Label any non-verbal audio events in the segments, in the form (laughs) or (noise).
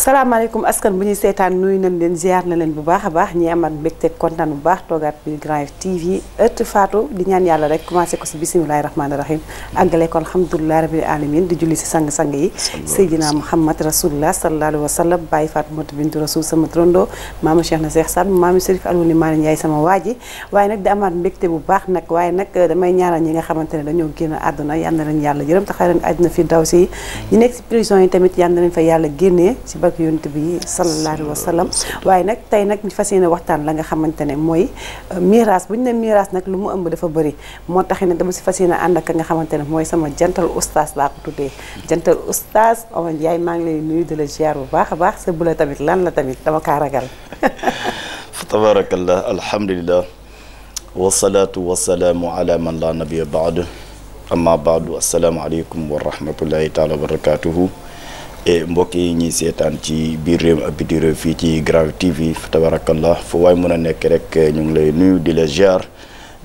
salaamaaleykum askan bu ñuy seetaan nuyu nañ leen ziar na leen bu baax a baax ñi amaat mbégte kontaan bu baax toogaat bi Grand TV ëtt Fatou di ñaan yàlla rek commencé ko si bisimilahi rahmaani rahim àggale ko alhamdulilah rabil alamin di julli si sang-sang yi Seydina Mouhamad rasulullah sallallahu alayhi wa sallam Baye Fatou Mata bintu rasul sama trondo maama Cheikh na Cheikh Sadou maama Serif Alwani Malick Ndiaye sama waa ji waaye nag di amaat mbégte bu baax nag waaye nag eh, damay ñaanal ñi nga xamante ne dañoo génn àdduna yal na leen yàlla yërëm taxay leen àdduna fi daw si yi tamit yal na leen fa yàlla génnee keroog yonent bi sallallahu alayhi wa sallam waaye nag tey nag ñu fas waxtaan la nga xamantene moy mirage miraas ne mirage nak lu mu ëmb dafa bari mo tax ne dama ci fasiyene ànd ak nga xamantene moy sama jantal oustaz la ko tuddé jantal oustaz o man yaay ma ngi lay nuyu de la ziar bu baax baax sa bula tamit lan la tamit dama ka ragal fa tabarakallah alhamdulilah wasalaatu wasalaamu ala man la nabiya baadu amma baadu asalaamu aleykum wa rahmatullahi taala wa barakatuhu et mbokk yi ñuy seetaan ci biir réew ak biti réew fii ci Grand TV tabarakallah fu waay mën a nekk rek eh, ñu ngi lay nuyu di la ziar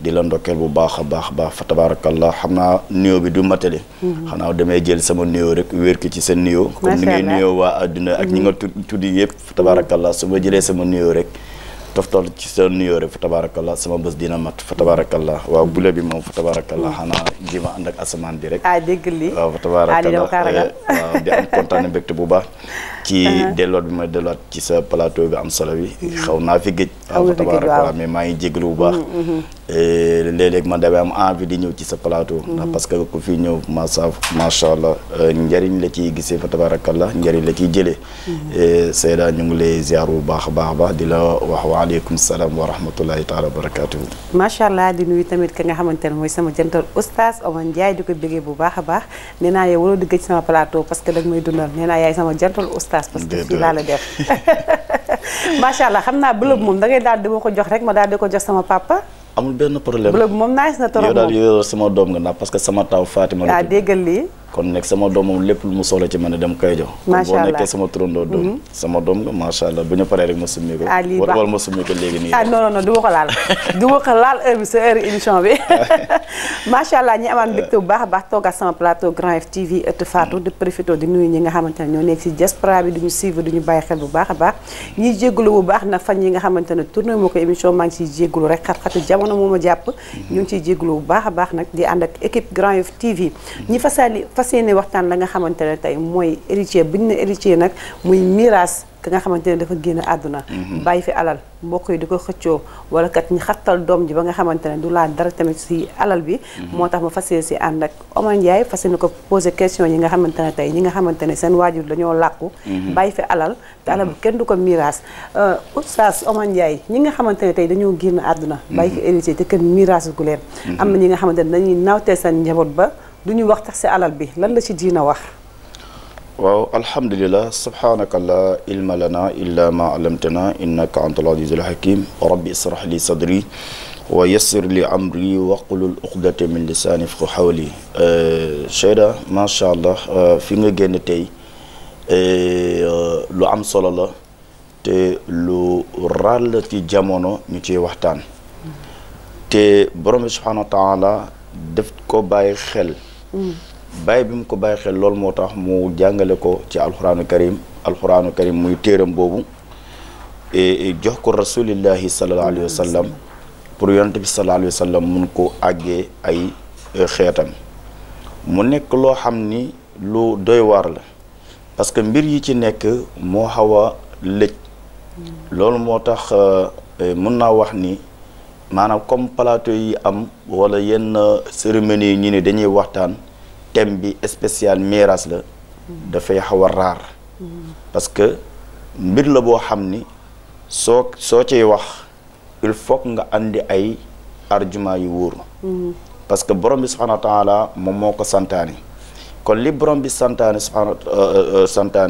di la ndokkeel bu baax a baax baax fa tabarakallah xam naa nuyoo bi du matale mhm. naa damay jël sama nuyoo rek wér ko ci sa nuyoo comme ni ngay nuyoo waa àdduna ak ñi nga mhm. tudd yëpp fa tabarakallah su ma jëlee sama nuyoo rek toftal ci sa nuyoo rek fa tabarakallah sama bés dina mat fa tabarakallah waaw bule bi fa tabarakallah xanaa jéem a ànd asamaan bi rek. ah dégg lii waaw fa tabarakallah eh, waaw di am kontaan mbégte bu ba ci uh-huh. delloot bi ma delloot ci sa plateau bi am solo bi mm-hmm. xaw naa fi géej waaw tabaaraka mais maa ngi jégalu bu baax mm-hmm, mm-hmm. Eh, léeg-léeg man damay am envie di ñëw ci sa plateau ndax parce que ku fi ñëw masa macha allah euh, njëriñ la ciy gisee fa tabaarakallah njëriñ la ciy jëlee eh, Seyda ñu lay ziar bu baax a baax di la wax waaleykum salaam wa rahmatullahi taala wa barakatuhu macha allah di nuyu tamit ki nga xamante mooy sama jantal oustaz Omar Ndiaye di ko bëggee bu baax a baax nee naa yow waroo di gëj oustaz parce que fii laa (laughs) xam naa blog moom da daal di ma ko jox rek ma daal di ko jox sama papa. amul benn problème blog moom nice na trop moom yow daal yow sama doom nga naa parce que sama taw Fatima. la ah, déggal lii. kon nekk sama doom moom lépp lu mu soxla ci man a dem koy jox. macha allah bu ñu paree rek ma summi ko. Ah, Aliou Ba wala ma summi ko ah, du ma ko laal (laughs) du ma ko laal heure bi sa heure émission bi (laughs) macha allah ñi amaan mbégte bu eh. baax a baax toogaat sama plateau Grand F TV ëtt Fatou mm. di di nuyu ñi nga xamante ne ñoo nekk si diaspora bi duñu suivre duñu bàyyi xel bu baax a baax ñiy jégalu bu baax na fan yi nga xamante ne tourné moo ko émission maa ngi siy jégalu rek xat-xatu jamono moom ma jàpp mm. ñu ngi siy jégalu bu baax a baax nag di ànd ak équipe Grand F TV mm. ñi fasali fas yéene waxtaan la nga xamante ne tey mooy héritier bu ñu ne héritier nag muy miiras ki nga xamante ne dafa génn àdduna mm-hmm. bàyyi fi alal mbokk yi di ko xëccoo wala kat ñu xattal doom ji ba nga xamante ne du laal dara tamit si alal bi mm-hmm. moo tax ma fas yéene si ànd ak Omar Ndiaye fas yéene ko posé question yi nga xamante ne tey ñi nga xamante ne seen waajur dañoo làqu mm-hmm. bàyyi fi alal te alal bi kenn du ko miiras euh, oustaz Omar Ndiaye ñi nga xamante ne tey dañoo génn àdduna bàyyi fi héritier te kër miiras gu leen am na ñi nga xamante ne dañuy nawtee seen njaboot ba لوني وقت سي علال بي لان لا سي دينا واخ واو الحمد لله سبحانك لا علم لنا الا ما علمتنا انك انت العزيز حكيم ربي اشرح لي صدري ويسر لي امري وقل الأقدة من لساني فخ حولي أه شيدا ما شاء الله أه في نغ تي آه، آه، لو ام صلى الله تي لو رال تي جامونو ني تي وقتان تي بروم سبحانه وتعالى دفتكو باي خيل bàyyi bi mu ko bàyyi xel loolu moo tax mu jàngale ko ci alxuraanu karim alxuraanu karim muy téeram boobu e, e, jox ko rasulillahi sallallahu alayhi pour yonent bi sallallahu alayhi wa sallam mun ko àggee ay e, xeetam mu nekk loo xam ni lu doy waar la parce que mbir yi ci nekk moo xaw a lëj loolu moo tax mun naa wax ni manam comme plateau yi am wala yenn cérémonie ñi ni dañuy waxtaan thème bi spécial mirage la da fay xawa rar parce que mbir la bo xamni so so ci wax il faut nga andi ay argument yu wóor parce que borom bi subhanahu wa taala mom moko kon li borom bi subhanahu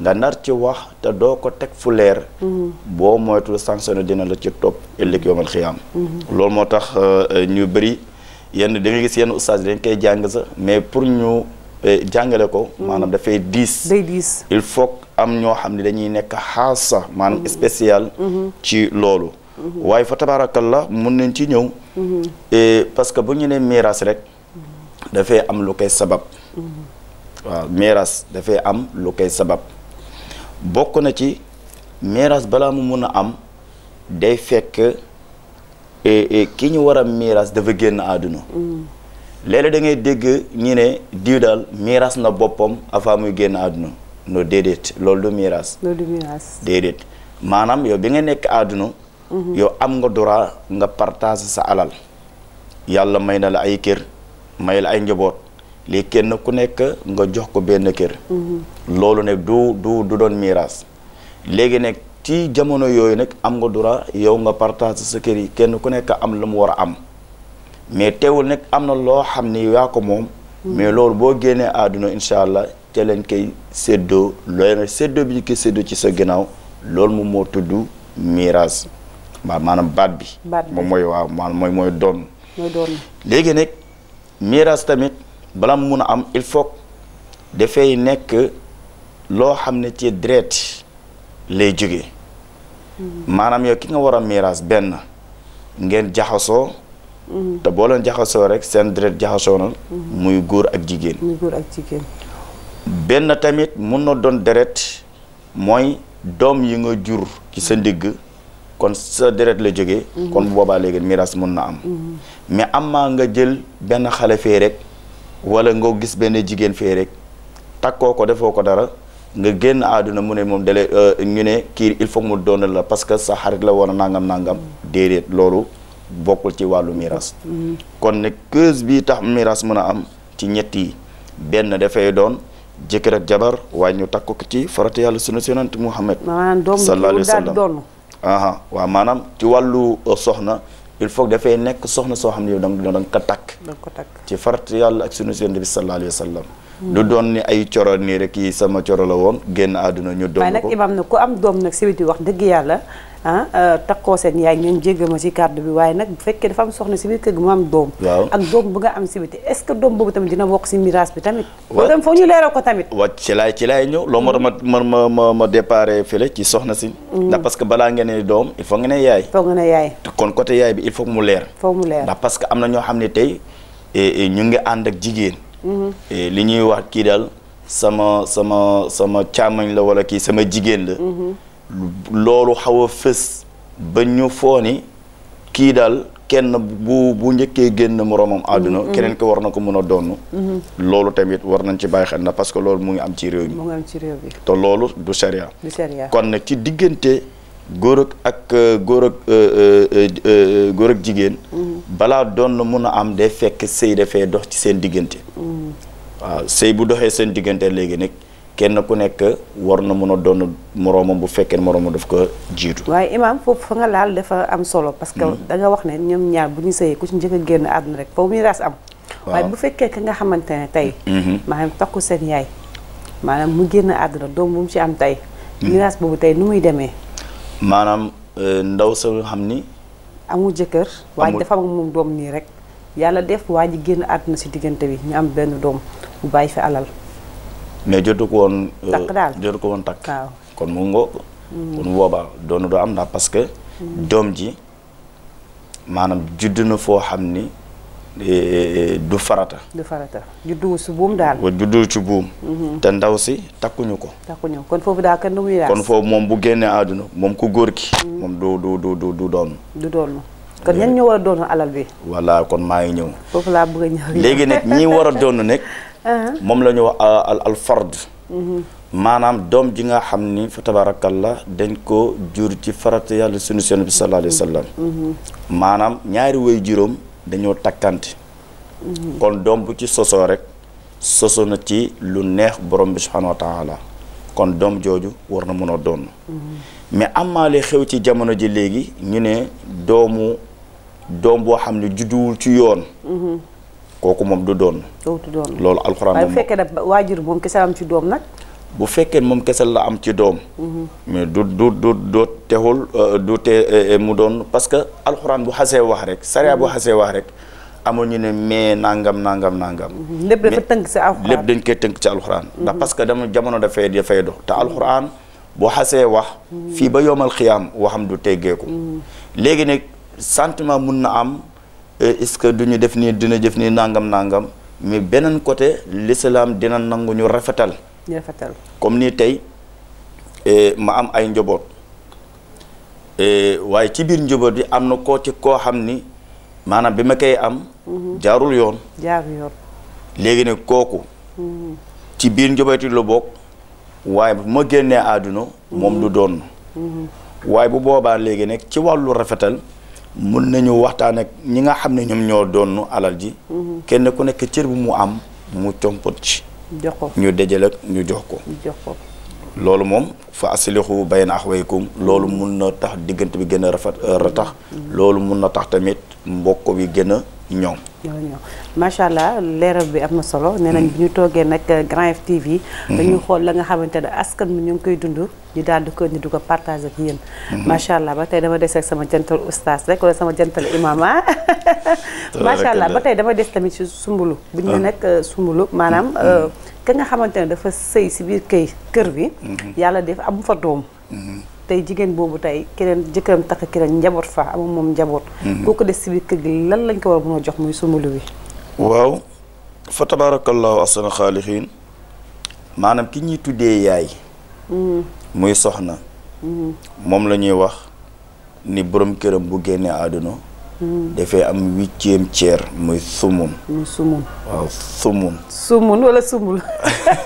nga nar ci wax te doo ko teg fu leer mm-hmm. boo moytul sanctionné dina la ci topp ëllëg yomal xiyaam mm-hmm. loolu moo tax euh, ñu bëri yenn da nga gis yenn ustaas dañ koy jàng sa mais pour ñu euh, jàngale ko mm-hmm. maanaam dafay diis day il faut am ñoo xam ne dañuy nekk xaasa maanaam spécial ci loolu waaye fa la mun nañ ci ñëw parce que bu ñu nee miiras rek dafay am lu koy sabab waaw miiras dafay am lu koy sabab bokk na ci miiras balaa mu mun a am day fekk e, e, ki ñu war a miiras dafa génn àdduna mm. léeg-léeg da ngay dégg ñi ne diw daal miiras na boppam avant muy génn àdduna no déedéet loolu du miiras déedéet maanaam yow bi nga nekk àdduna mm-hmm. yow am nga droit nga partage sa alal yàlla may na la ay kër may la ay njaboot lii kenn ku nekk nga jox ko benn kër. Mhm. loolu nag du du du doon miiras léegi nag ci jamono yooyu nag am nga dura yow nga partage sa kër yi kenn ku nekk am lu mu war a am mais teewul nag am na loo xam ni yaa ko moom. Mhm. mais loolu boo génnee àdduna incha allah ca leen kay séddoo looy na bi ñu koy séddoo ci sa ginnaaw loolu moom moo tudd miiras maanaam baat bi. baat moom mooy waaw maanaam mooy doon. léegi nag miiras tamit. bala mun a am il faut dafay nekk loo xam ne ci deret lay jóge maanaam yow ki nga war a miraas benn ngeen jaxasoo mm-hmm. te boo leen jaxasoo rek seen deret jaxasoo na mm-hmm. muy góor ak jigéen benn tamit mun na doon deret mooy doom yi nga jur ci sa ndigg kon sa deret la jóge mm-hmm. kon bu boobaa léegi miraas mun na am mais am maa nga jël benn xale fee rek wala nga gis benn jigéen fee rek takkoo ko defoo ko dara nga génn àdduna mu ne moom dale euh, ñu ne kii il faut mu doon la parce que sa xarit la war a nangam nangam déedéet loolu bokkul ci wàllu miiras mm-hmm. kon ne cause bi tax miiras mën a am ci ñetti benn dafay doon jëkkër ak jabar waa ñu takk ko ci farata yàlla sunu yonent Muhammad sallallahu alayhi ci wàllu euh, soxna il faut que dafay nekk soxna soo xam ne yow da nga ko takk. da nga ko takk ci farat yàlla ak sunu Yonent bi sallallahu alayhi wa sallam. du doon ni ay coro nii rek yi sama coro la woon génn àdduna ñu. doon ko waaye nag imaam nag ku am doom nag si wax dëgg yàlla. ah euh, takkoo seen yaay ngeen jéggal ma ci kàddu bi waaye nag bu fekkee dafa am soxna si biir kër gi mu am doom ak doom bu nga am ci biti est-ce que doom boobu tamit dina bokk ci miraas bi tamit loolu tam foo ko tamit waaw ci laay ci laay ñëw loolu ma ma ma ma déparé fële ci soxna si mm. ndax parce que balaa ngeen doom il faut nga ne yaay foog nga ne yaay kon côté yaay bi il faut mu leer foog mu leer ndax parce que am na ñoo xam ne tey e, e, ñu ngi ànd ak jigéen mm-hmm. e, li ñuy wax kii daal sama sama sama càmmañ la wala kii sama jigéen la mm-hmm. loolu xaw a fës ba ñu foo ni kii daal kenn bu bu njëkkee génn moroomam àdduna mm-hmm. keneen ko war na ko mën a donn mm-hmm. loolu tamit war nañ ci bàyyi xel na parce que loolu mu ngi am ci réew mi mu bi te loolu du sharia du sharia kon nag ci diggante góor ak euh, góor ak euh, euh, góor ak jigéen mm-hmm. balaa donn mun a am de fekk sëy dafay dox ci seen diggante waaw sëy bu doxee seen diggante léegi nag kenn ku nekk war na mun a doon moroomam bu fekkee moroomam daf ko jiitu. waaye imaam foofu fa nga laal dafa am solo. parce que hmm. da nga wax ne ñoom ñaar bu ñu sëyee ku ci njëkk a génn àdduna rek foofu miraas am. waaye bu fekkee ka nga xamante ne tey. maanaam takku seen yaay. maanaam mu génn àdduna doom bu mu ci am tey. Hmm. miraas boobu tey nu muy demee. maanaam euh, ndaw sa xam ni. amul jëkkër. waaye dafa am moom doom nii rek. yàlla def waa ji génn àdduna si diggante bi ñu am benn doom bàyyi fi alal. mais jotu ko woon. Euh, takk daal jotu ko woon takk. kon mu ngoo ko. Mm. kon boobaa doonu doo am naa parce que. Mm. doom ji maanaam juddu na foo xam ni e, e, du farata. du farata juddu si buum daal. wa juddu ci buum. Mm-hmm. te ndaw si takkuñu ko. takkuñu kon foofu daal kenn du muy kon foofu moom bu génnee àdduna moom ku góor ki. Mm. moom du du du du du doon. du doon kon ñan ñoo war a doon alal bi. voilà kon maa ngi ñëw. foofu laa bëgg a ñëw léegi nag ñi war a doon nag. (laughs) moom la ñu wax euh, al al fard mhm. maanaam doom ji nga xam ni fa la dañ ko jur ci farata yàlla sunu seen bi sallallahu alayhi wa sallam mhm. Mhm. maanaam ñaari way juróom dañoo takkante kon doom bu ci sosoo rek soso na ci lu neex borom bi subhanahu wa taala kon doom jooju war na mën a doon mais amaale xew ci jamono ji léegi ñu ne doomu doom boo xam ne judduwul ci yoon kooku moom du doon. loolu alxuraan moom bu fekkee ne waajur moom kese bu fekkee moom kese la am ci doom. Mhm. mais du du du du texul euh, du te euh, euh, mu doon parce que alxuraan bu xasee wax rek. sariya bu mhm. xasee wax rek. amoon ñu ne mais nangam nangam nangam. Mhm. lépp dafa tënk si alxuraan lépp dañ koy tënk ci alxuraan. ndax parce que dama jamono dafay dafay dox te alxuraan bu xasee wax. fii ba yomal xiyaam waxam du teggeeku. léegi nag sentiment mun na am. Eh, est-ce que du ñu def nii dina jëf nii nangam nangam mi beneen côté l'islam dina nangu ñu rafetal. ñu rafetal comme nii tey eh, ma am ay njaboot eh, waaye ci biir njoboot yi am na koo ci koo xam ni maanaam bi ma koy am. Mhm. jaarul yoon. jaarul yoon. léegi nag kooku. Mhm. ci biir njaboot yi bokk waaye bu ma génnee àdduna. moom du mhm. doon. waaye bu boobaa léegi nag ci wàllu rafetal. mun nañu waxtaan ak ñi nga xam ne ñoom ñoo doonu alal ji. Mhm. kenn ku nekk cër bu mu am mu compot ci. jox ñu dajale ñu jox ko. jox ko loolu moom fa aslixu bayna axwaykum loolu mun na tax diggante bi gën a rafet euh, tax. Mhm. loolu mun na tax tamit mbokk bi gën a ñoom. ñoo macha allah leeral bi am na solo mm. nee nañ ñu toogee nag euh, Grand F TV. Mm-hmm. dañuy xool la nga xamante ne askan bi ñu ngi koy dund ñu daal di ko indi du ko partage ak yéen. Mm-hmm. macha allah ba tey dama des ak sama jantal oustaz rek wala sama jantal imama macha allah ba tey dama des tamit ci sumbulu. bu ñu ne ah. nag euh, sumbulu maanaam. Mm-hmm. Euh, ka nga xamante ne dafa sëy si biir këy kër bi. yàlla def am fa doom. tey jigéen boobu tey keneen jëkkëram takk keneen njaboot fa amul moom njaboot. boo mhm. ko des si biir kër gi lan lañ ko war a mën jox muy sumbulu wi. waaw fa tabaarakallaahu ahsana xaalixiin maanaam ki ñuy tuddee yaay. Mhm. muy soxna. Mhm. moom la ñuy wax ni borom këram bu génnee àdduna. defee am huitième tiers mooy sumun muy sumun waaw sumun sumun wala sumul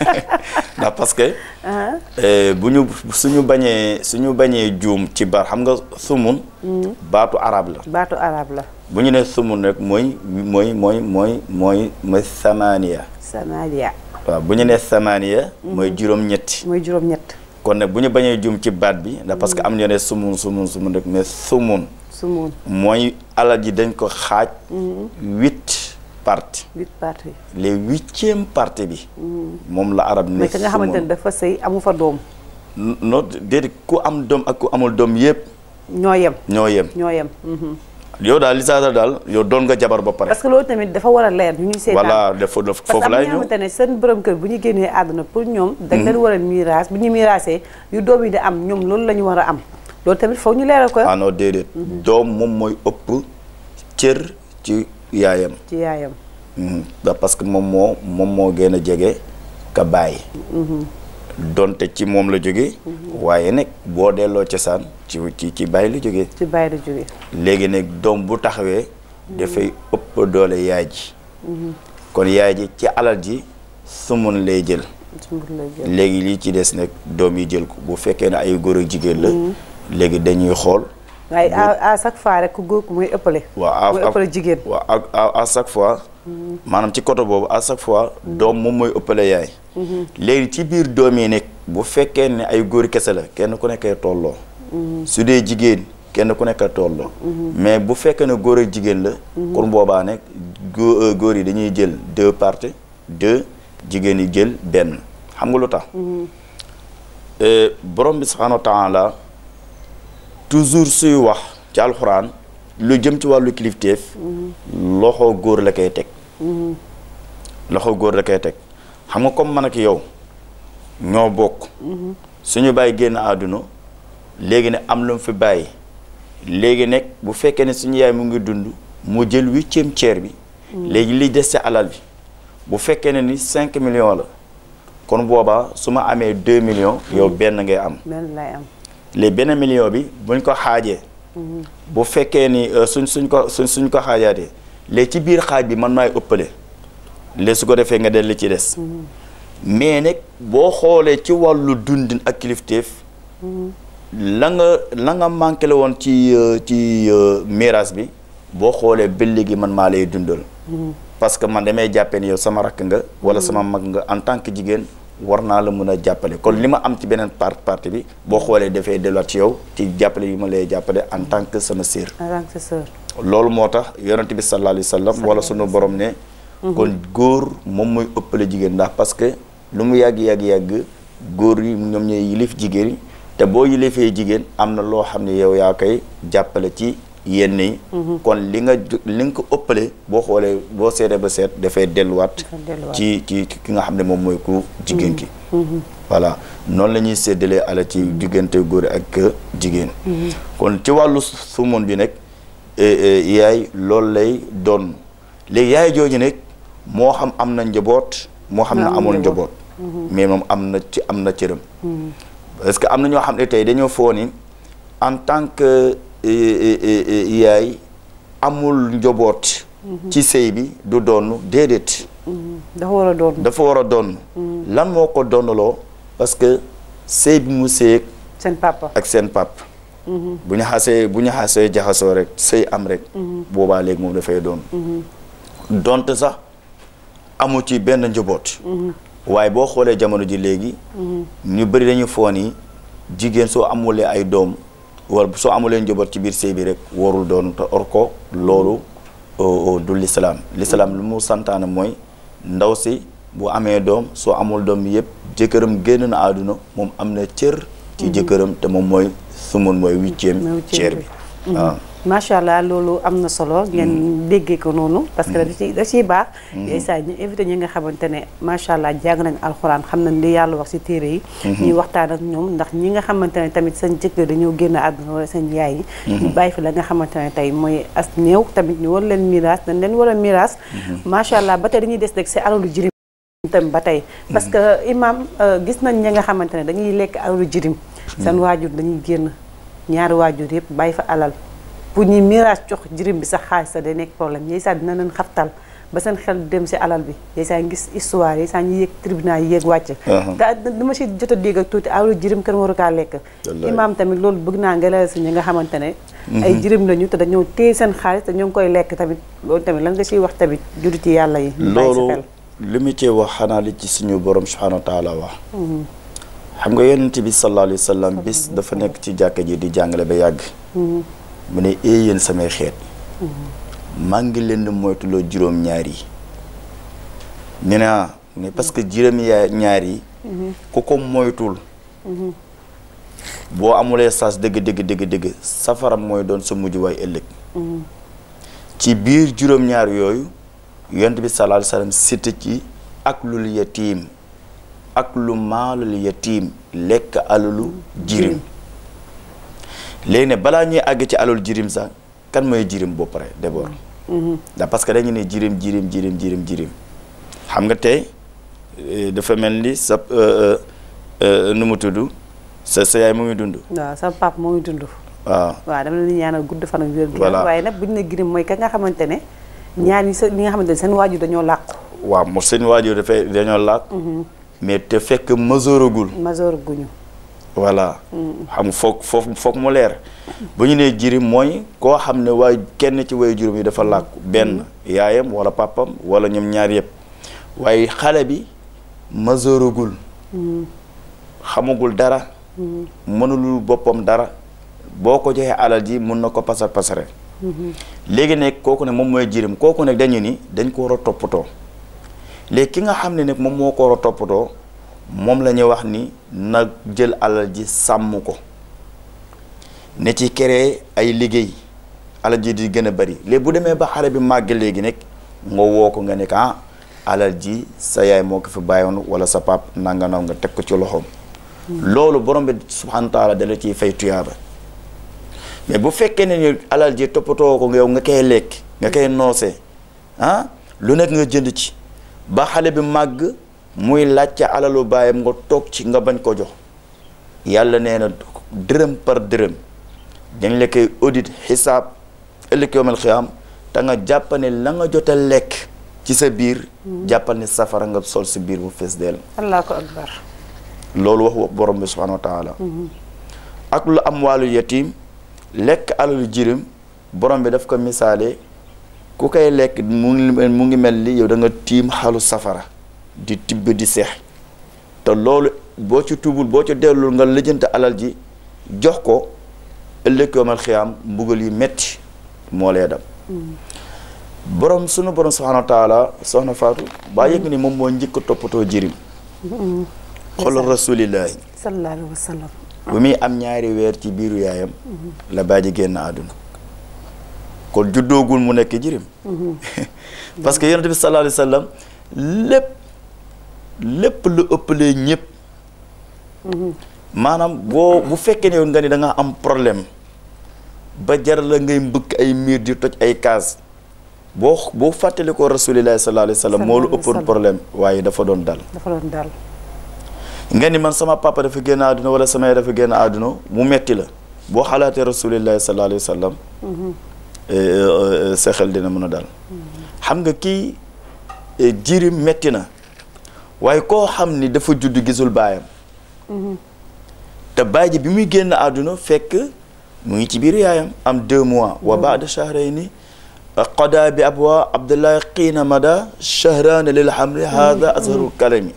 (laughs) ndax parce que ah. eh, bu ñu suñu bañee suñu bañee juum ci bar xam nga sumun mm. baatu arab la baatu arab la bu ñu nee sumun rek mooy mooy mooy mooy mooy mooy samaniya samaniya waaw bu ñu nee samaniya mm-hmm. mooy juróom-ñetti mooy juróom kon nag bu ñu bañee jum ci baat bi ndax parce que mm. am na ne sumun sumun sumun rek mais sumun mooy alal ji dañ ko xaaj. Mm-hmm. huit parties. huit parties les huitième partie bi. Mm-hmm. moom la arab ne. nga xamante ne dafa sëy amu fa doom. non déedéet ku am doom ak ku amul doom yëpp. ñoo yem ñoo yem ñoo yem. Mm-hmm. yow daal li sax daal yow doon nga jabar ba pare. parce que loolu tamit dafa war a leer ñu ñuy seetaan voilà dafa foofu laay ñëw parce que ne seen borom kër bu ñu génnee àdduna pour ñoom. dañ leen war a miiraas bu ñu miiraasee yu doom yi di am ñoom loolu la ñu war a am. loolu tamit foog ñu leeral koy ah non déedéet. Mhm. doom moom mooy ëpp cër ci yaayam. ci yaayam. Mhm. parce que moom moo moom moo gën a jege ka bàyyi. Mhm. donte ci moom la jóge waaye nag boo delloo cosaan ci ci ci bàyyi la jóge ci bàyyi la jógee. léegi nag doom bu taxawee. dafay ëpp doole yaay ji. kon yaay ji ci alal ji sumun lay jël. léegi lii ci des nag doom yi jël ko bu fekkee ne ay góor ak jigéen la. léegi dañuy xool. waaye à chaque fois rek ku góor mooy ëppale. waaw mooy ëppale jigéen. waaw à à chaque fois. Mm-hmm. maanaam ci côté boobu à chaque fois. doom moom mooy ëppale yaay. Mm-hmm. léegi ci biir doom yi nekk bu fekkee ne ay góor kese la kenn ku nekkee tolloo. Mm-hmm. su dee jigéen kenn ku nekk tolloo. mais bu fekkee ne góor ak jigéen la. kon boobaa nekk góor euh, góor yi dañuy jël deux parties deux jigéen yi jël benn xam nga lu tax. Euh, borom bi subhaanahu wa taala toujours suy wax ci alxuraan lu jëm ci wàllu kilifteef loxo góor la koy teg loxo góor la koy teg xam nga comme man ak yow ñoo bokk suñu bàyyi génn àdduna léegi ne am lu mu fi bàyyi léegi nekk bu fekkee ne suñu yaay mu ngi dund mu jël wi huitième tiers bi léegi li des ci alal bi bu fekkee ne ni cinq million la kon booba su ma amee deux million yow benn ngay am les benn million bi buñ ko xaajee. Mhm. bu fekkee ni euh, suñ suñ ko suñ suñ ko xaajaatee léegi ci biir xaaj bi man maay ëppale léegi su ko defee nga dellu ci des. Mhm. mais nag boo xoolee ci wàllu dundin ak kilifteef. Mhm. la nga la nga manqué la woon ci euh, ci euh, miraas bi boo xoolee ba gi man maa lay dundal. parce que man damay jàppee ni yow sama rakk nga. wala sama mag nga en tant que jigéen. war naa la mun a jàppale kon li ma am ci beneen part parti bi boo xoolee dafay delluwaat ci yow ci jàppale yu ma lay jàppale en tant que sama sœur. loolu moo tax yonent bi sallallahu alayhi wa sallam wala sunu borom ne. Mhm. kon góor moom mooy ëppale jigéen ndax parce que lu mu yàgg yàgg yàgg góor yu ñoom ñooy yilif jigéen te boo yilifee jigéen am na loo xam ne yow yaa koy jàppale ci. yéen ñi mhm. kon li nga li nga ko ëppale boo xoolee boo seetee ba seet dafay delluwaat ci ci ki nga xam ne moom mooy ku jigéen ki mhm. Mhm. voilà noonu lañuy ñuy séddalee ala ci diggante góor ak jigéen kon ci wàllu sumoon bi nag e, e, yaay loolu lay doon léegi yaay jooju nag moo xam am na njaboot moo xam ne amoon njaboot mais moom am na ci am na cëram parce que am na ñoo xam ne tey dañoo foo ni en tant que E, e, e, yaay amul njoboot. Mhm. ci sëy bi du donn déedéet. Mhm. dafa war a doon dafa war a doon. Mhm. lan moo ko doonaloo parce que sëy bi mu sëyeeg. seen papa ak seen papa. bu ñu xasee bu ñaxasee jaxasoo rek sëy am rek. boobaa léegi moom dafay doon. donte sax amu ci benn njoboot. waaye boo xoolee jamono ji léegi. ñu bëri dañu foon yi jigéen soo amulee ay doom. wala soo amuleen njaboot ci biir sëy bi rek warul doon te or ko loolu euh, euh, du lislaam lislaam lu mu santaane mooy ndaw si bu amee doom soo amul doom yëpp jëkkëram génn na àdduna moom am na cër ci mm-hmm. jëkkëram te moom mooy sumun mooy huitième cër bi mm-hmm. waaw macha allah amna solo ngeen mm. déggee ko noonu parce que mm. da ci da ciy baax mm-hmm. saa ñu éviter ñi nga xamante ne macha allah jàng nañ alxuraan xam nañ li yàlla wax si téere yi mm-hmm. ñuy waxtaan ak ñoom ndax ñi nga xamante tamit seen jëkkër dañoo génn àdduna wala seen yaay yi mm-hmm. ñu bàyyi fi la nga xamante ne tey as tamit ñu war leen miraas dañ leen war a miraas allah ba tey dañuy des jirim tam ba tey parce que euh, imam euh, gis nañ ñi nga xamante ne dañuy lekk jirim seen waajur dañuy génn ñaari waajur yëpp fa alal pour ñuy miraas jox jirim bi sax xaalis sax day nekk problème yey saa dina leen xabtal ba seen xel dem si alal bi yey saa gis histoire yey saa ñu yéeg tribunal yi wàcc uh-huh. da dama si jot a dégg ak tuuti awlu jirim kenn waru kaa lekk imaam tamit bëgg naa nga nga xamante ne mm-hmm. ay jirim lañu te dañoo téye seen xaalis te ñoo ngi koy lekk tamit loolu tamit lan nga siy wax tamit juri ci yàlla yi loolu li mu ci wax xanaa li ci suñu borom subhanahu wa taala wax mm-hmm. xam nga yonent bi sallallahu alayhi wa sallam bis dafa nekk ci jàkka ji di jàngale ba yàgg mm-hmm. mu ne ee eh, samay xeet maa ngi leen moytuloo juróom ñaar yi nee naa mu ne parce que juróom ñaar yi ku ko moytul boo amulee saas dëgg dëgg dëgg dëgg safaram mooy doon sa mujj waay ëllëg ci biir juróom ñaar yooyu yonent bi sallallahu alayhi wasallam site ci ak lu yatiim ak lu maalul yatiim lekk alalu jirim léegi ne balaa ñuy àgg ci alal jirim sax kan mooy jirim boo pare d'abord ndax parce que dañu ne jirim jirim jirim jirim jirim xam nga tey euh, dafa mel ni sa euh, euh, nu mu tudd sa sa yaay mu ngi dund waaw sa pap mu ngi dund waaw waaw dama leen ñaanal gudd fan ak wér waaye nag bu ñu ne jirim mooy ka nga xamante ne ñaan ñi sa ñi nga xamante ne seen waajur dañoo làqu waa moo seen waajur dafay dañoo làqu mm-hmm. mais te fekk masooragul masoor guñu voilà. xam foog foofu foog mu leer. bu ñu nee jirim mooy koo xam ne waaye kenn ci way juróom yi dafa làkku benn yaayam wala pàppam wala ñoom ñaar yëpp waaye xale bi masooragul. xamagul dara. mënulul boppam dara boo ko joxee alal ji mun na ko pasar pasare. léegi nag kooku ne moom mooy jirim kooku nag dañu ni dañ ko war a toppatoo léegi ki nga xam ne nag moom moo ko war a toppatoo. moom la ñuy wax ni na jël alal ji sàmm ko ne ci créer ay liggéey alal ji di gën a bari léegi bu demee ba xale bi màgg léegi nekk nga woo ko nga ne ah alal ji sa yaay moo ko fi bàyyoon wala sa pap nanga nga teg ko ci loxoom loolu borom bi subhaanahu taala dala ciy fay tuyaaba mais bu fekkee ne ni alal ji toppatoo ko nga yow nga koy lekk nga koy noose ah lu nekk nga jënd ci ba xale bi màgg muy laaj ca alalu baayam nga toog ci nga bañ ko jox yàlla nee na dërëm par dërëm dañ la koy audit xisaab ëllëg yawmal xiyaam te nga jàpp la nga jot lekk ci sa biir jàppal ne safara nga sol si biir bu fees deel allahu akbar loolu wax wax borom bi subhaanahu wa taala mm-hmm. ak lu am wàllu yatim lekk alalu jirim borom bi daf ko misaale ku koy lekk mu ngi mu ngi mel ni yow da tiim xalu safara di tibb di seex te loolu boo ci tuubul boo ci dellul nga lëjante alal ji jox ko ëllëg yoomal xiyaam mbugal yi metti moo lay dem borom sunu borom subhaanahu wa taala soxna Faatu baa yëg ni moom moo njëkk toppatoo jirim xoolal rasulillahi bu muy am ñaari weer ci biiru yaayam la baa génn àdduna kon juddoogul mu nekk jirim mhm. (laughs) parce que yonent bi sallallahu lépp lépp lu ëpp ëppalee ñëpp. Mhm. maanaam boo bu fekkee ne yoon nga ni da am problème ba jaral la ngay mbëkk ay miir di toj ay kaas boo boo fàttali ko rasulillahi sallallahu alayhi wa sallam moo lu ëppoon problème waaye dafa doon dal. dafa doon man sama papa dafa génn àdduna wala sama yaay dafa génn àdduna mu metti la boo xalaatee rasulillahi sallallahu alayhi wa mhm. eh, eh, eh, sa xel dina mën a dal. Mhm. xam nga kii jirim metti na. waaye koo xam ni dafa judd gisul baayam mhm. te baay bi muy génn àdduna fekk mu ngi ci biir yaayam am deux mois wa mhm. baada ni qadaa bi abwa abdullahi qiina mada shahraana lil hamli haada mhm. azharul kalami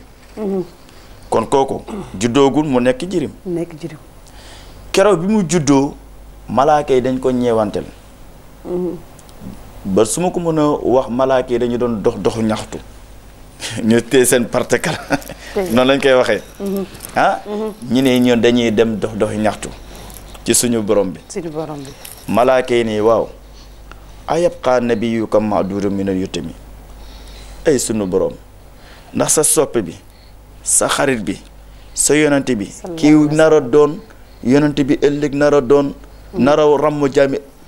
kon kooku juddoogul mu nekk jirim nekk jirim keroog bi mu juddoo malaaka yi dañ ko ñeewantel ba su ma ko mën wax malaaka yi dañu doon dox doxu ñaxtu ñu téye seen partekal (laughs) noonu lañ koy waxee mhm. ah mhm. ñu ne ñoom dañuy dem dox dox ñaxtu ci suñu borom bi suñu borom bi malaaka yi nii waaw ayabqaa nabiyuka ma'duura minal yutami ay sunu borom ndax sa soppe bi sa xarit bi sa yonant bi kii nar a doon yonante bi ëllëg nar doon mhm. nar a ràmm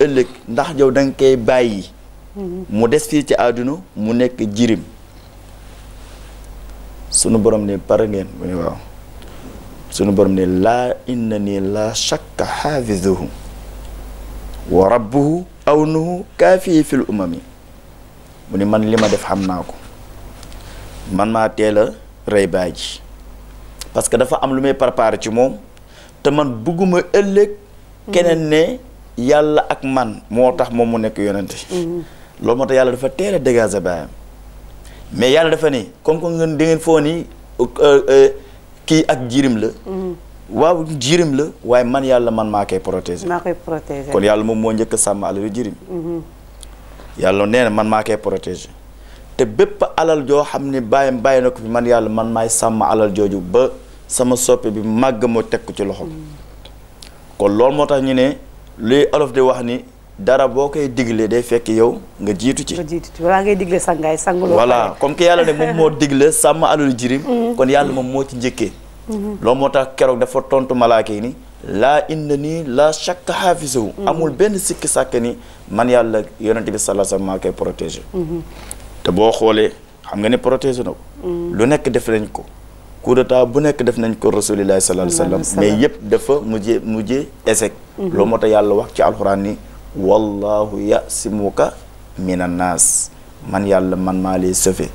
ëllëg ndax yow danga koy bàyyi mu des fii ci àdduna mu nekk jirim sunu borom ne pare ngeen mu ne waaw sunu borom ne laa na nii laa shakka xaafizuhu wa rabbuhu awnuhu kaafiyi fil umami mu ne man li ma def xam naa ko man maa teel a rey baa ji parce que dafa am lu may préparé ci moom te man bëgguma ëllëg keneen ne yàlla ak man moo tax moom mu nekk yonente mm-hmm. loolu moo tax yàlla dafa teel a dégager baayam mais yàlla dafa ne comme que ngeen da ngeen foo ni euh, euh, kii ak jirim la. Mhm. waaw jirim la waaye man yàlla man maa koy protéger. maa koy protéger kon yàlla moom moo njëkk a sàmm alalu jirim. Mhm. yàlla nee na man maa koy protéger. te bépp alal joo xam ne bàyyam bàyyi na ko fi man yàlla man maay sàmm alal jooju ba sama soppe bi màgg moo teg ko ci loxo mhm. kon loolu moo tax ñu ne luy olof di wax ni. dara boo koy digle day fekk yow nga jiitu ci. nga jiitu ci wala ngay digle sangaay sanguloo. voilà comme que yàlla ne moom moo digle sàmm alul jirim (laughs) mhm. kon yàlla moom moo ci njëkkee. Mhm. loo moo tax keroog dafa tontu malaaka yi ni. laa inna nii laa shakk xaafisahu mhm. amul benn sikki sàkk ni man yàlla yonent bi sallallahu alayhi wa sallam maa te boo xoolee xam nga ne protégé na lu nekk def nañ ko. coup d'état bu nekk def nañ ko rasulillahi sallallahu alayhi wa sallam mais yëpp dafa mujjee mujjee échec. loolu moo tax yàlla wax ci alxuraan ni. wallahu yasimuka minan naas man yàlla man maa lay sauver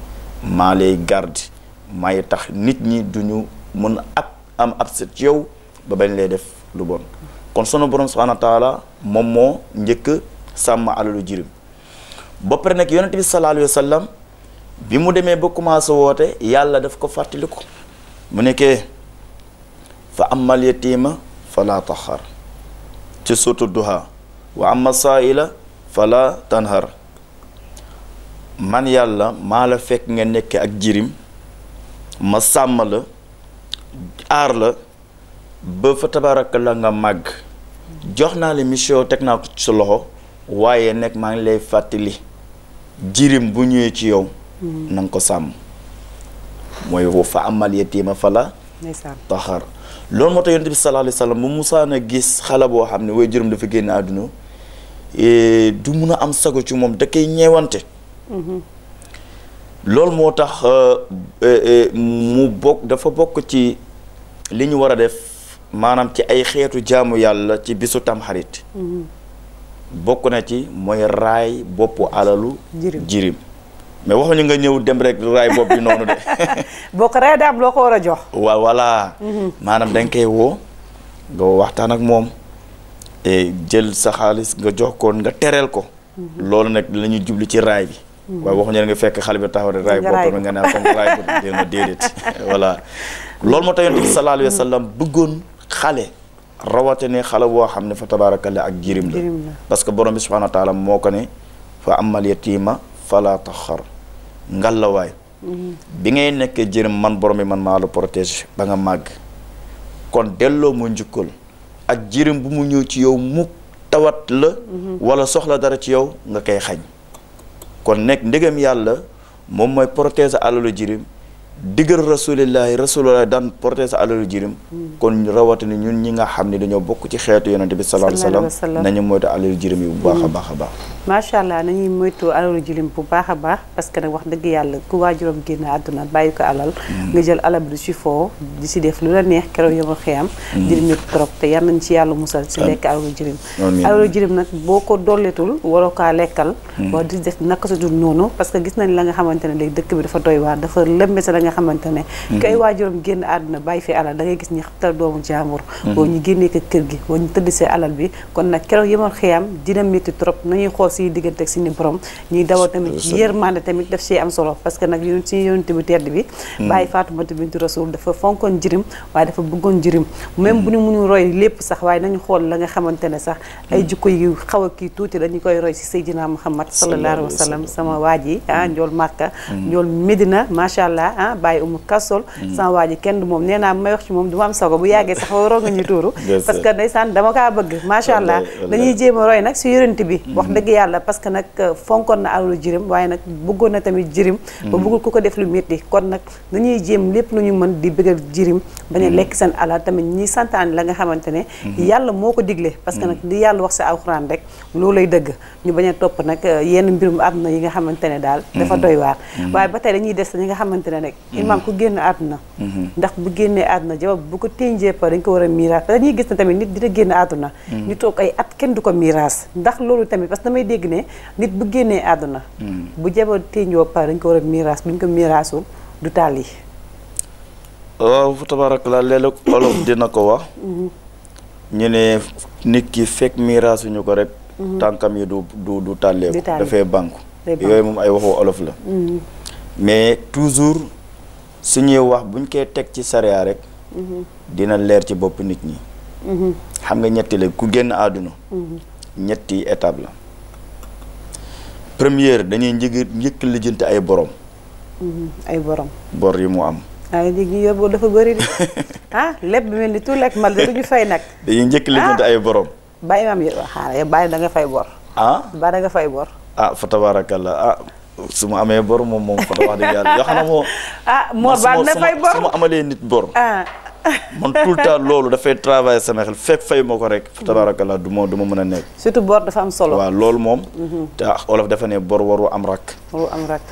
maa lay garde may tax nit ñi duñu mun ak am abset yow ba bañ lay def lu bon kon sunu borom subhanahu wa moom moo njëkk sàmm alalu jirim ba pare nag yonent bi sallallahu alayhi bi mu demee ba commencé woote yàlla daf ko fàttaliku mu nekkee fa amal yatima fala taxar ci surtu duha wa saa saa'ila fala tanhar man yàlla maa la fekk nga nekk ak jirim ma sàmm la aar la ba fa tabaraka la nga màgg jox naa la mission teg naa ko loxo waaye nag maa ngi lay fàttali jirim bu ñëwee ci yow mm. na ko sàmm mooy woo fa amal yatiima fala taxar loolu moo tax yonent bi sallallahu alayhi wa sallam bu Musaa gis xale boo xam ne way jërëm dafa génn àdduna du mun a am sago ci moom da koy ñeewante mhm. loolu moo tax euh, euh, euh, mu bokk dafa bokk ci li ñu war a def maanaam ci ay xeetu jaamu yàlla ci bisu tamxarit mhm. bokk na ci mooy raay boppu alalu jirim mais waxuñu nga ñëw dem rek raay bopp bi noonu de (laughs) boo ko raay daam loo ko war a jox waaw voilà mhm. maanaam da nga woo nga waxtaan ak moom jël sa xaliss nga jox ko nga tereel ko. loolu nak lañu jubli ci raay bi. waxu ñu nga fekk xale taxaw rek raay boppam nga naan comme raay boppam na déedéet (laughs) voilà. loolu mo tayon sallallahu alayhi wasallam sallam bëggoon xalé rawatina xale boo xam ne fa tabaarakalla ak jirim la. parce que borom subhanahu wa taala moo ko ne fa amal yatima fala taxar way mm-hmm. bi ngay nekk man borom man ma la protéger ba nga mag kon delo mo ak jirim bu mu ñëw ci yow mukk tawat la mhm. wala soxla dara ci yow nga koy xañ kon nekk ndegam yàlla moom mooy protéger alalu jirim diggal rasulillahi rasulillahi daan protéger alalu jirim mhm. kon rawatina ñun ñi nga xam ne dañoo bokk ci xeetu yonente bi sallallahu alayhi wasallam nañu moytu alalu jirim yi bu baax a mhm. baax a baax macha allah nañuy moytu alalu jilim bu baax a baax parce que nag wax dëgg yàlla ku waajuram génn àdduna bàyyi ko alal. Mm. nga jël alal bi si foo di si def lu la neex keroog yow a xiyam. Mm. jilim yëpp trop te yal nañ ci yàlla musal si lekk alalu jilim. alalu jilim nag boo ko dolletul waroo kaa lekkal. Mm. wala di def naka sa dul noonu parce que gis nañ la nga xamante ne léegi dëkk bi dafa doy waar dafa lëmbe sa la nga xamante ne. Mm-hmm. kay waajuram génn àdduna bàyyi fi alal da ngay gis ñu doomu jàmbur. boo mm-hmm. ñu génnee kër gi boo ñu tëdd see alal bi kon nag keroog yow a xiyam dina métti trop nañuy xool si diggante ak suñu borom ñuy dawal tamit ci yërmande tamit daf ci am solo parce que nag yoon si yonent bi tedd bi hmm. bàyyi Faatumata bintu Rasuul dafa fonkoon jërim waaye dafa bëggoon jërim même bu la nga ne sax ay jikko yu xaw a kii tuuti dañu koy roy si Seydina Muhammad sallallahu wa sallam sama waaj yi ah hmm. njool Màkka hmm. njool Médina macha allah ah bàyyi umu kasol sama waaj yi kenn moom nee may wax ci moom du ma am sago bu yàggee sax waroo nga ñu tuuru (laughs) parce que ndeysaan dama kaa bëgg macha allah dañuy jéem a roy nag si yonent bi wax dëgg yàlla la parce que nag euh, fonkoon na alalu jirim waaye nag bëggoon na tamit jirim ba mhm. bëggul ku ko def lu métti kon nag dañuy jéem lépp lu ñu mën di bëggal jirim bañ a mhm. lekk seen alal tamit ñi santaane la nga xamante ne mhm. yàlla moo ko digle parce que nag li yàlla wax sa alxuraan rek loolu lay dëgg ñu bañ a topp nag euh, yenn mbirum àdduna yi nga xamante ne daal dafa doy waar waaye ba tey dañuy des ñi nga xamante ne rek imaam ku génn àdduna ndax bu génnee àdduna jabar bu ko ténjee pa dañ ko war a miiraas dañuy gis ne tamit nit dina génn àdduna ñu toog ay at kenn dégg nit bu génnee àdduna. Hmm. bu jabar teeñoo pare dañ ko war a miiras bu ko miiraasul du taal yi. waaw fu tabaarakala léeg olof dina ko wax. Mhm. ñu ne nit ki fekk miiraasuñu ko rek. Mhm. tànkam yi du du du tàlleeku. dafay bànku yooyu moom ay waxu olof la. Mhm. mais toujours suñuy wax buñ koy teg ci sariya rek. dina leer ci boppu nit ñi. xam nga ñetti la ku génn àdduna. ñetti étape la. première dañuy njëgi njëkk lijjanti ay borom. Mhm, ay borom. bor yi mu am. waaye ah, léegi yow dafa bëri de (laughs) ah, lépp mel ni tout lekk mal de duñu fay nag. dañuy njëkk lijjanti ah, ay borom. bàyyi maam yow xaaral yow bàyyi da nga fay bor. ba da nga fay bor. ah fa tabaarakalla ah su ma amee bor moom moom fa wax dëgg yàlla yoo xam ne moo. (laughs) ah moo baal nit bor. (laughs) man tout le temps loolu dafay travailler sama xel fekk fay ma ko rek tabaarakallah du ma du ma mën a nekk surtout bor dafa am solo waaw loolu moom mhm. te ah, olof dafa ne bor waru am rakk waru am rakk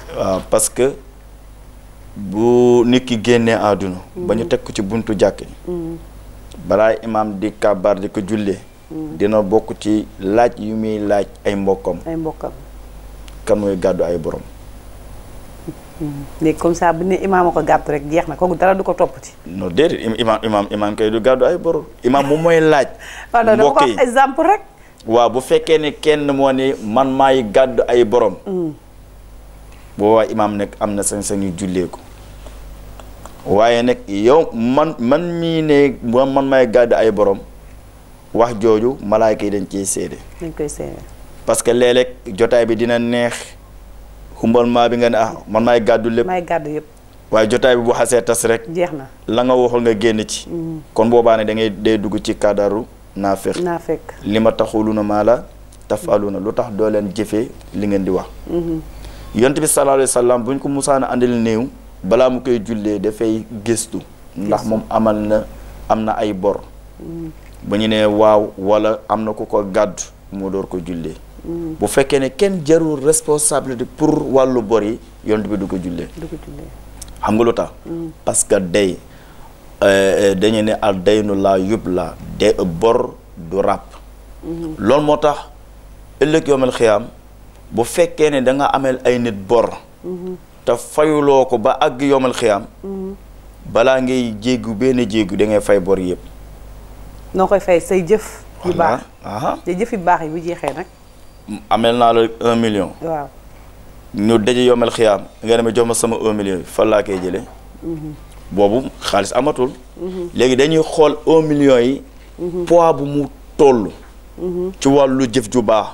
parce que bu nit ki génnee àdduna ba ñu mhm. teg ko ci buntu jàkk mhm. balaa imaam di kàbbaar di ko jullee dina bokk ci laaj yu muy laaj ay mbokkam ay mbokkam kan mooy gàddu ay borom léegi comme ça bu ne imaam a ko gàddu rek jeex na kooku dara du ko toppati. no déedéet imaam imaam imaam kay du gàddu ay bor imaam moom mooy laaj. (laughs) mbokk yi exemple rek. bu fekkee ne kenn moo ne man maay gàddu ay borom. Mm. boobaa imaam nag am na sañ-sañu jullee waaye nag yow man man mii ne man may gàddu ay borom wax jooju malaayka yi dañ ciy seede. dañ koy seede. parce que léeg jotaay bi dina neex. xumbal maa bi nga ne ah man maay gàddu lépp maay gàddu waaye jotaay bi bu xasee tas rek jeex na la nga waxul nga génn ci mm-hmm. kon boobaa ne da ngay day dugg ci kadaru naa fekk naa fekk li ma taxulu na maa la na lu tax doo leen jëfee li ngeen di wax mm-hmm. yonent bi sallallahu alayhi wa sallam ko musaana andil néew balaa mu koy jullee dafay gëstu ndax moom amal na am na ay bor mm-hmm. ba ñu ne waaw wala am na ku ko gàddu moo door ko jullee Mm. bu fekkee ne kenn jarul responsabilité pour wàllu bor yi yonent bi du ko jullee xam nga lu tax mm. parce que day euh, euh, dañu ne al daynu laa yub la day euh, bor du ràpp mm-hmm. loolu moo tax ëllëg yoomal xiyaam bu fekkee ne da nga ameel ay nit bor mm-hmm. te fayuloo ko ba àgg yoomal xiyaam mm-hmm. balaa ngay jéggu benn jéggu dangay ngay fay bor yëpp noo koy fay say jëf yu baax say jëf yu baax yi bu jeexee nag amel naa la un million. ñu daje yombal xiyaam nga demee jox ma sama un million fan laa koy jëlee. Mhm. boobu xaalis amatul. Mhm. léegi dañuy xool un million yi. Mhm. poids bu mu toll. ci wàllu jëf ju baax.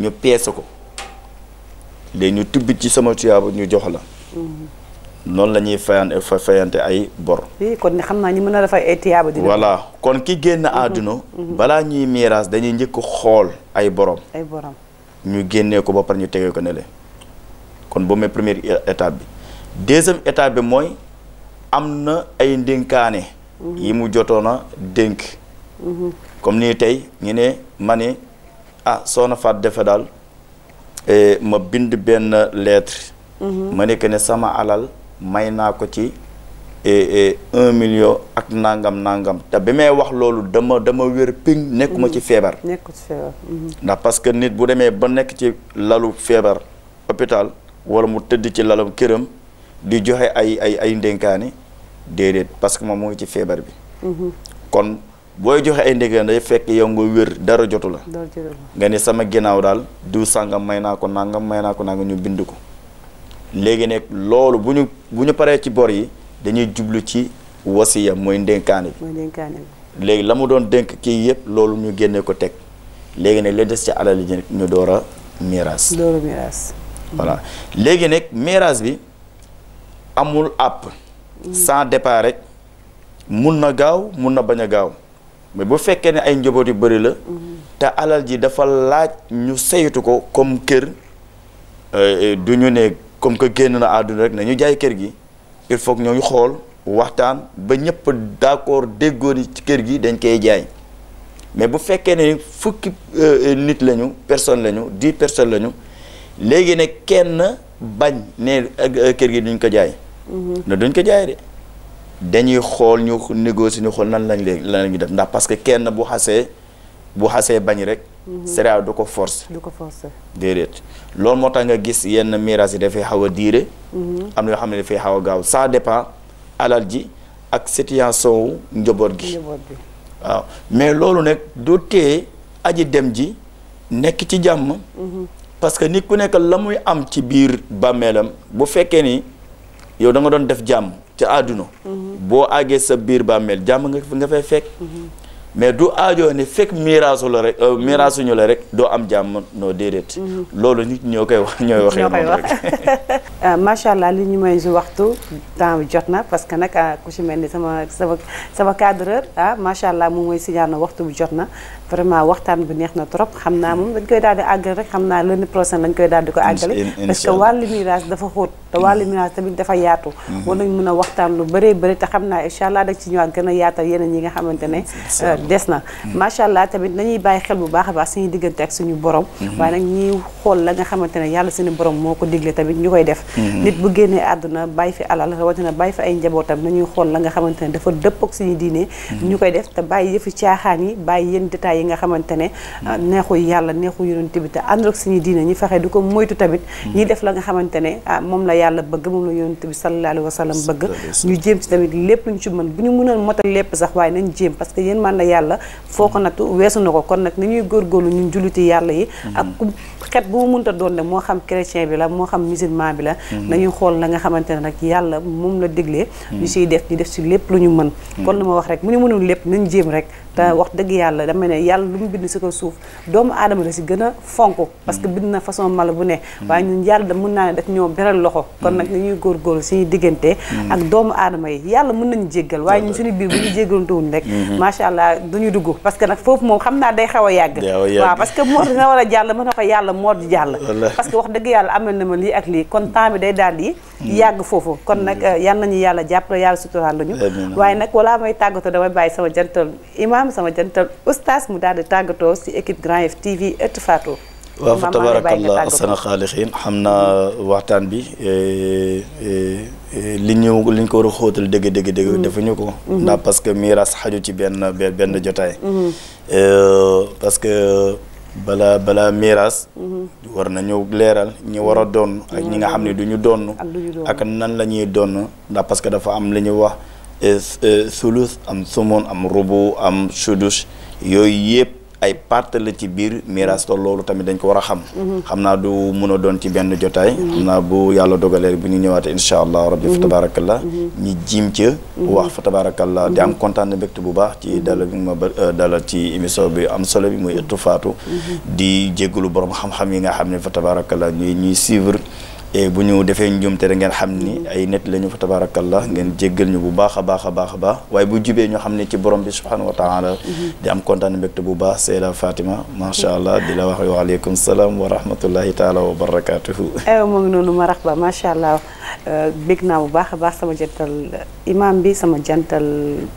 ñu peese ko. léegi ñu tibb ci sama tuyaaba ñu jox la. noonu lañuy ñuy fayante fa fayante ay bor. oui kon xam naa ñu mën a def ay tuyaaba dina. voilà kon ki génn àdduna. balaa ñuy miiras dañuy njëkk xool ay borom. ay ñu génnee ko boppar ñu tegee ko ne le kon boo mooy première étape bi deuxième état bi mooy am na ay ndénkaane mhm. yi mu jotoon a dénk mhm. comme nii tey ñu ne ma ne ah soo Fatou defe daal eh, ma bind benn lettre mhm. ma nekk ne sama alal may naa ko ci un million ak nangam nangam te bi may wax loolu dama dama wér ping nekkuma ci mhm. feebar. nekkul ci mhm. ndax parce que nit bu demee ba nekk ci lalu feebar hôpital wala mu tëdd ci lalu këram di joxe ay ay ay ndénkaani déedéet parce que moom mu ngi ci feebar bi. Mhm. kon booy joxe ay ndénkaani day fekk yow wér dara jotu la. nga ne sama ginnaaw daal du sàngam may naa ko nangam may naa ko nangam ñu bind ko léegi nag loolu bu ñu bu ñu paree ci bor yi. dañuy jublu ci wasiya mooy ndénkaane bi léegi la mu doon dénk kii yëpp loolu ñu génne ko teg léegi nag la des ci alal ji ñu door a miraas léegi nag miraas bi amul àpp mm. sans départ rek mun na gaaw mun na bañ a gaaw mais bu fekkee ne ay njaboot yu bëri la mm-hmm. te alal ji dafa laaj ñu saytu ko comme kër euh, euh, du ñu ne comme que génn na àdduna rek na ñu jaay kër gi il faut que xool waxtaan ba ñëpp d'accord déggoo ni ci kër gi dañ koy jaay mais bu fekkee ne fukki euh, nit lañu personne lañu di personnes lañu léegi ne kenn bañ ne euh, kër gi duñ ko jaay. Mhm. ne duñ ko jaay de dañuy xool ñu négocier ñu xool nan lañ leen lan la ñuy def ndax parce que kenn bu xasee bu xasee bañ rek. Mhm. CEDEAO du ko force. du ko force déedéet. loolu moo tax nga gis yenn miraas yi dafay xaw a diire. Mhm. am na yoo xam ne dafay xaw a gaaw ça dépend alal ji ak situation wu njaboot gi. waaw mais loolu nag du tee aji dem ji nekk ci jàmm. Mhm. parce que nit ku nekk la muy am ci biir bàmmeelam bu fekkee ni yow da doon def jàmm ca àdduna. boo àggee sa biir bàmmeel jàmm nga nga fekk. mais du aajoo ne fekk miraasu la rek euh, miraasu ñu la rek doo am jàmm noo déedéet. Mhm. loolu nit ñoo koy wax ñooy waxee noonu rek. (laughs) (laughs) Euh, macha allah li ñu si waxtu temps jot na parce que nag ah, ku si mel ni sama sama sama cadreur ah macha allah moom mooy signal na waxtu bi jot na vraiment waxtaan bi neex na trop xam naa moom dañ koy daal di àggal rek xam naa lundi prochain lañ koy daal di ko àggale. parce que wàllu miraas dafa xóot te wàllu tamit dafa yaatu. Mhm. war nañ mën a waxtaan lu bëree bëri te xam naa incha allah dañ ci ñëwaat gën a yaatal yeneen yi nga xamante ne. des na macha allah tamit nañuy bàyyi xel bu baax baax baax ñu diggante ak suñu borom waaye nag xool la nga xamante ne yàlla suñu borom moo ko digle tamit ñu koy def mm-hmm. nit bu génnee àdduna bàyyi fi alal rawatina bàyyi fi ay njabootam nañuy xool la nga xamante ne dafa dëpp ak suñu diine mm-hmm. ñu koy def te bàyyi yëfi caaxaan yi bàyyi yenn détails yi nga xamante ne ah, mm-hmm. neexu yàlla neexu yonent bi te ànd ak suñu diine ñu fexe di ko moytu tamit ñi def la nga xamante ne ah moom la yàlla bëgg moom la yonent bi sallallahu alayhi wa sallam bëgg ñu jéem ci tamit lépp luñ ci mën sax waaye nañ jéem parce que yéen man yàlla foo ko natu weesu na ko kon nag ni ñuy góorgóorlu ñun julliti yàlla yi ak ku xet bu mu munta doon ne moo xam chrétien bi la moo xam musulman bi la mm-hmm. nañuy xool la nga xamante ne nag yàlla moom la déglee mm-hmm. ñu siy def ñu def si lépp lu ñu mën kon lu ma wax rek mu ñu mënul lépp nañ jéem rek te wax dëgg yàlla dama ne yàlla lu mu bind si ko suuf doomu aadama la si gën a fonk parce que bind na façon mala bu ne waaye ñun yàlla da mën naa ne daf ñoo beral loxo kon nag dañuy góorgóorlu suñuy diggante ak doomu aadama yi yàlla mën nañu jéggal waaye ñun suñu biir bu ñu jéggalantewuñ rek mhm. macha allah duñu dugg parce que nag foofu moom xam naa day xaw a yàgg waaw parce que moo a jàll mën na ko yàlla moo di jàll parce que wax na ma lii ak lii kon temps bi mhm. foofu kon nag mhm. yal nañu yàlla jàppale yàlla suturaal lañu waaye nag walaa may tàggatoo damay bàyyi sama jantal imam am sama jantal oustaz mu daal di tàggatoo si équipe Grand Yoff TV ëtt Fatou. waaw fa tabarakallah asana xaalixiin xam naa waxtaan bi eh, eh, eh, li ñu li ñu ko war a xootal dëgg dëgg dëgg mm-hmm. defuñu ko mm-hmm. ndax parce que miiras xaju ci benn benn jotaay mm-hmm. parce que bala bala miiras war nañu leeral ñi war a doon ak ñi nga xam ne du ñu doon ak nan la ñuy doon ndax parce que dafa am li wax Eh, sulus am sumoon am rubu am sudus yooyu yëpp ay part la ci biir miraas te loolu tamit dañ ko war a xam mhm. xam naa du mun a doon ci benn jotaay mhm. xam naa bu yàlla dogalee bu ñu ñëwaatee insha allah rabbi fa mhm. tabarakallah ñi jiim ca wax fa tabarakallah di am kontaan mbégte bu baax ci dala bi ma eh, dalal ci émission bi am solo bi muy ëttu faatu di jégalu borom xam-xam yi nga xam ne fa tabarakallah ñuy ñuy suivre et bu ñu defee njuumte rek ngeen xam ni ay nit la ñu fa tabaarakallah ngeen jéggal ñu bu baax a baax a baax a waaye bu jubee ñoo xam ne ci borom bi subhanahu wa taala mm-hmm. di am kontaan mbégte bu baax Seyda Fatima macha allah di la wax waaleykum salaam wa rahmatullahi taala wa barakatuhu (laughs) moo ngi noonu marhaba macha allah euh, bég naa bu baax a baax sama jantal imam bi sama jantal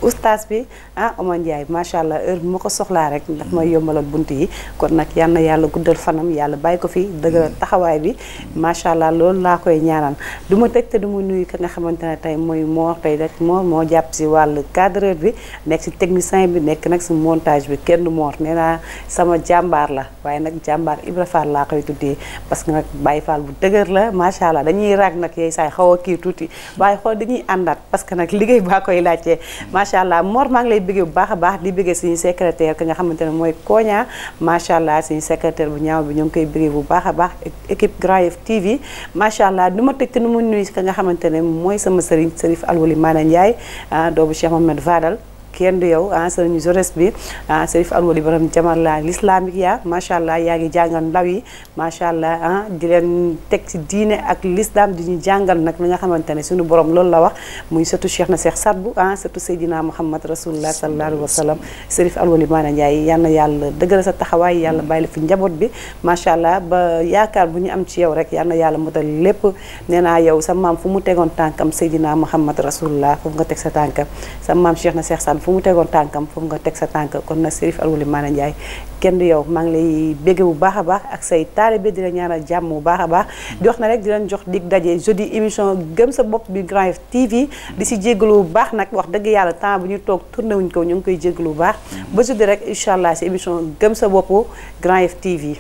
oustaz bi ah Omar Ndiaye macha allah heure bu ma ko soxlaa rek daf may mm-hmm. yombalal bunt yi kon nag yal na yàlla guddal fanam yàlla bàyyi ko fi dëgg mm-hmm. taxawaay bi macha allah loolu la koy ñaanal duma ma tëj te du nuyu ka nga xamantene tay moy mo tay rek mo mo japp ci walu cadreur bi nek ci technicien bi nek nak ci montage bi kenn Mor nee neena sama jambar la waye nak jambar Ibra Fall la koy tuddé parce que nak Baye Fall bu deuguer la macha allah dañuy rag nak yey say xawa ki tuti waye xol dañuy andat parce que nak liggéey ba koy laajtee macha allah Mor maa ngi lay bëggee bu baax baax di bëggé suñu secrétaire ka nga xamantene moy mooy Koña macha allah suñu secrétaire bu ñaaw bi ñoo ngi koy bëggé bu baax baax équipe Grand TV macha allah du ma tëj te nu ma nuyu ka nga xamante ne mooy sama sëriñ sërif alwali maana Ndiaye ah, doobu Cheikh Mohamed Vadal kenn du yow ah sëriñ bi ah Serif Alwali borom jamar la l'islamique yaa ah, macha allah yaa ngi jàngal ndaw yi macha allah ah di leen teg ci diine ak l'islam di ñu jàngal nag li nga xamante ne suñu borom loolu la wax muy surtout Cheikh na Cheikh Sadbu ah surtout Seydina Mouhamad rasulullah sallallahu alayhi wa sallam Serif Alwali Maana Ndiaye yal na yàlla dëggal sa taxawaay yàlla bàyyi la fi njaboot bi macha allah ba yaakaar bu ñu am ci yow rek yal na yàlla motal lépp nee naa yow sa maam fu mu tegoon tànkam Seydina Mouhamad rasulullah foofu nga teg sa tànkam sa maam Cheikh na Cheikh Sadbu fu mu tegoon tànkam foofu nga teg sa tànk kon na Serif Alwely Mané Ndiaye kenn di yow maa ngi lay bégge bu baax a baax ak say taalibe di la ñaanal jàmm bu baax a baax di wax na rek di leen jox dig daje jeudi émission gëm sa bopp bi Grand Yoff TV di si jégalu bu baax nag wax dëgg yàlla temps bu ñu toog tourné wuñ ko ñu ngi koy jégalu bu baax ba jeudi rek incha allah si émission gëm sa bopp Grand Yoff TV